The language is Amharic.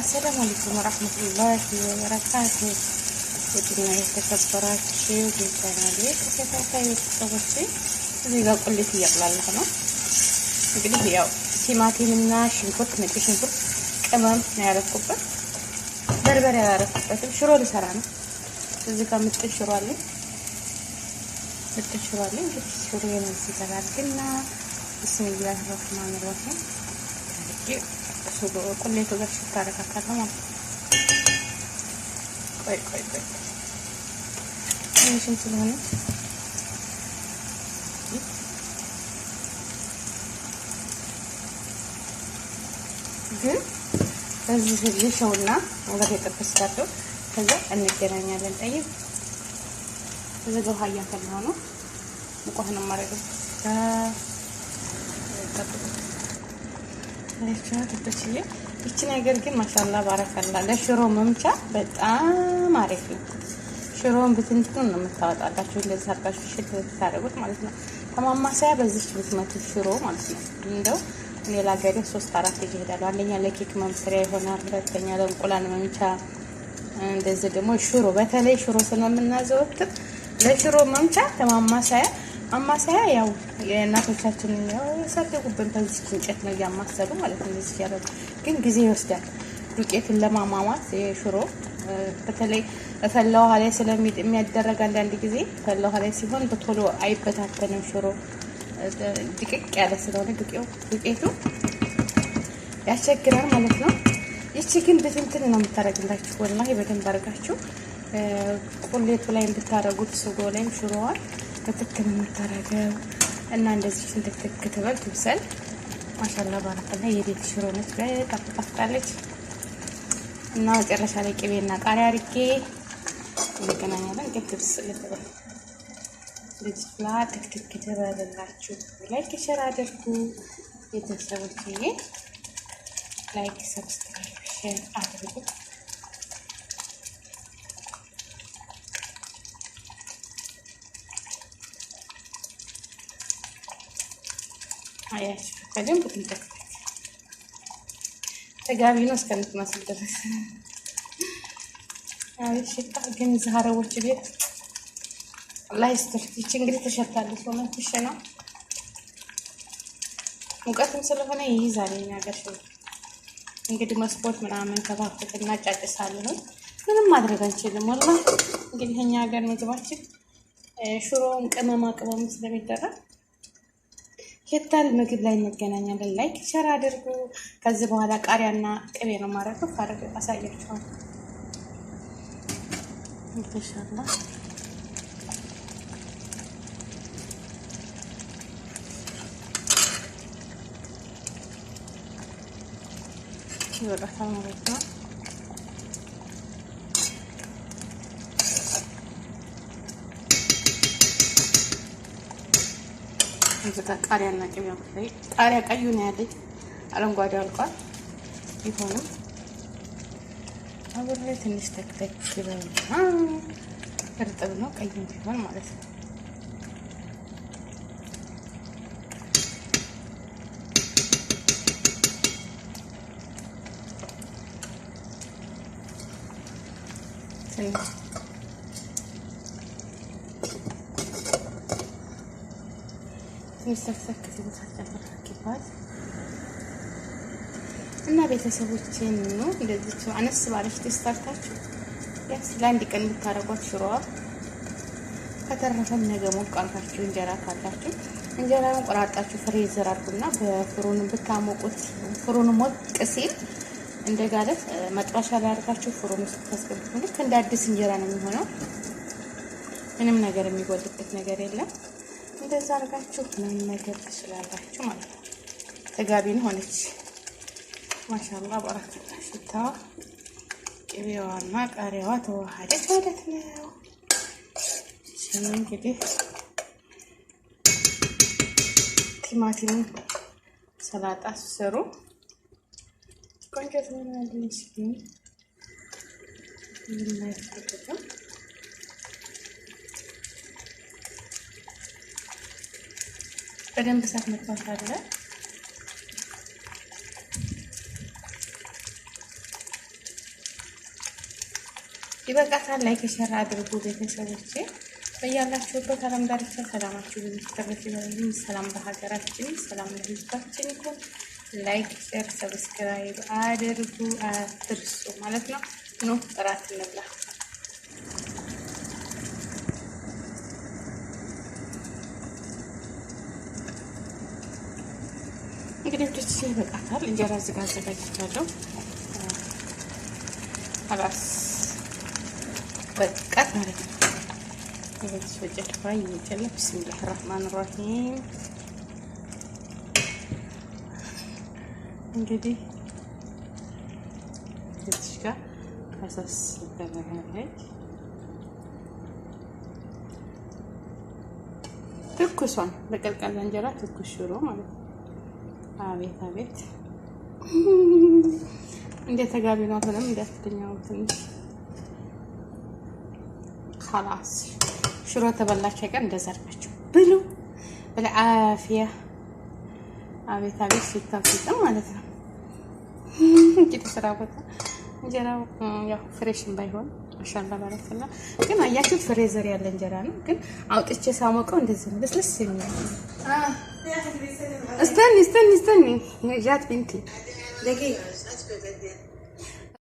አሰላሙ አለይኩም ወራህመቱላሂ ወበረካቱ። ውድና የተከበራችሁ የቻናሌ ተከታታይ ቤተሰቦች እዚህ ጋር ቁሌት እያቁላለሁ ነው። እንግዲህ ያው ቲማቲምና ሽንኩርት፣ ነጭ ሽንኩርት፣ ቅመም ነው ያደረኩበት። በርበሬ አላደረኩበትም። ሽሮ ልሰራ ነው። እዚህ ጋር ምጥን ሽሮ አለኝ። ምጥን ሽሮ አለኝ። ሽሮ የነዚህ ጋር አድርግና ብስሚላህ ረህማን ረሂም ቁሌቱ ጋር ስታረካካለሁ ማለት ቆይ ቆይ ቆይ ትንሽም ስለሆነ ግን እዚህ ልሸውና ወደ የጠበስካለሁ። ከዛ እንገናኛለን። ጠይቅ እዚህ ጋ ውሃ እያፈላሁ ነው። ማረግ ጠብቁ አያችሁት ትቶችዬ። ይቺ ነገር ግን ማሻላ ባረከላ ለሽሮ መምቻ በጣም አሪፍ ነው። ሽሮውን ብትንትኑ ነው የምታወጣላችሁ። እንደዚህ አርጋችሁ ሽት ብታደርጉት ማለት ነው። ከማማሰያ በዚች ብትመቱ ሽሮ ማለት ነው። እንደው ሌላ ገሬ ሶስት አራት ይሄዳሉ። አንደኛ ለኬክ መምሰሪያ ይሆናል፣ ሁለተኛ ለእንቁላል መምቻ። እንደዚህ ደግሞ ሽሮ በተለይ ሽሮ ስለምናዘወትር ለሽሮ መምቻ ከማማሰያ አማሳያ ያው የእናቶቻችን ያሳደጉብን በዚህ እንጨት ነው እያማሰሉ ማለት ነው። እዚህ ያደረጉ ግን ጊዜ ይወስዳል። ዱቄትን ለማሟሟት የሽሮ በተለይ ፈላ ውሃ ላይ ስለሚያደረግ አንዳንድ ጊዜ ፈላ ውሃ ላይ ሲሆን በቶሎ አይበታተንም። ሽሮ ድቅቅ ያለ ስለሆነ ዱቄቱ ያስቸግራል ማለት ነው። ይቺ ግን ብትንትን ነው የምታደርግላችሁ። ወላሂ በደንብ አድርጋችሁ ቁሌቱ ላይ ብታደርጉት ስጎ ላይም ሽሮዋል ትክትክ ነው እና እንደዚህ ትክትክ ትበል ትብሰል። ማሻላ ባረከላ የቤት ሽሮ ነች፣ በጣም ጣፍጣለች። እና መጨረሻ ላይ ቅቤና ቃሪያ አድርጌ እንገናኛለን። ግን ትብስ ልትበል ልጅ ፍላ ትክትክ ትበልላችሁ። ላይክ ሸር አድርጉ ቤተሰቦች፣ ላይክ ሰብስክራይብ ሸር አድርጉ። አያችሁ በደንብ ትንጠቅ ተጋቢ ነው እስከምትመስል ድረስ። አይ ግን ዛሬዎች ቤት ላይ ስትፍትች እንግዲህ ተሸታለች። ሆነ ነው ሙቀትም ስለሆነ ይይዛል። የእኛ ሀገር ሽሮ እንግዲህ መስኮት ምናምን ከፋፍትና ጫጭሳለሁ። ምንም ማድረግ አንችልም። ወላ እንግዲህ የእኛ ሀገር ምግባችን ሽሮውን ቅመማ ቅመም ስለሚደረግ የታል ምግብ ላይ እንገናኛለን። ላይክ ሸር አድርጉ። ከዚህ በኋላ ቃሪያና ቅቤ ነው ማድረግ ካረግ አሳያችኋል። ኢንሻአላ ይወጣታል ማለት ነው። እዚህ ጋር ቃሪያ እና ቅቤ አብሬ ቃሪያ ቀዩ ነው ያለኝ፣ አረንጓዴ አልቋል። ቢሆንም አብሬ ትንሽ ተክተክ ይበልና እርጥብ ነው ቀይም ቢሆን ማለት ነው። ሰክሰክ ቦታ ጨምራችኋል እና ቤተሰቦችን ነው እንደዚህ አነስ ባለች ቴስት አርታችሁ ያስ ለአንድ ቀን ብታረጓት ሽሮዋ ከተረፈም ነገ ሞቅ አርጋችሁ እንጀራ ካላችሁ እንጀራውን ቆራርጣችሁ ፍሬዘር አርጉና በፍሩን ብታሞቁት ፍሩን ሞቅ ሲል እንደጋለ መጥበሻ ላይ አርጋችሁ ፍሩን ውስጥ ልክ እንደ አዲስ እንጀራ ነው የሚሆነው። ምንም ነገር የሚጎልበት ነገር የለም። እንደዛ አድርጋችሁ መመገብ ትችላላችሁ ማለት ነው። ተጋቢን ሆነች። ማሻላ በረከላ ሽታዋ ቅቤዋና ቃሪያዋ ተዋሃደች ማለት ነው። ስኒ እንግዲህ ቲማቲም ሰላጣ ሲሰሩ። ቆንጆ ትሆናለች። በደንብ እሳት መጥፋት አለ። ይበቃታል። ላይክ የሰራ አድርጉ ቤተሰቦቼ። በያላችሁበት አለም ዳርቻ ሰላማችሁ ብዙ ተረፍ ይበሉ። ሰላም በሀገራችን፣ ሰላም ለህዝባችን ይሁን። ላይክ ሼር፣ ሰብስክራይብ አድርጉ አትርሱ ማለት ነው። ኑ ጥራት እንብላ። እንግዲህ ዶች ይበቃታል። እንጀራ ዝጋ አዘጋጅቻለሁ። አላስ በቃት ማለት ነው። ጀልባ ይጨለ ብስሚላህ ራህማን ራሂም እንግዲህ እዚህ ጋር ፈሰስ ይደረጋለች። ትኩሷን በቀልቃላ እንጀራ ትኩስ ሽሮ ማለት ነው። አቤት አቤት እንዴት ተጋቢ ነው። አሁንም እንዳትደኛው ትንሽ خلاص ሽሮ ተበላች ቀን እንደዘርጋችሁ ብሉ በልዓፊያ። አቤት አቤት ሲታም ሲታም ማለት ነው። እንግዲህ ስራ ቦታ እንጀራው ያው ፍሬሽን ባይሆን ማሻላ ባረከላ ግን አያችሁ ፍሬዘር ያለ እንጀራ ነው። ግን አውጥቼ ሳሞቀው እንደዚህ ልስልስ የሚል استني استني استني رجعت بنتي دقيقة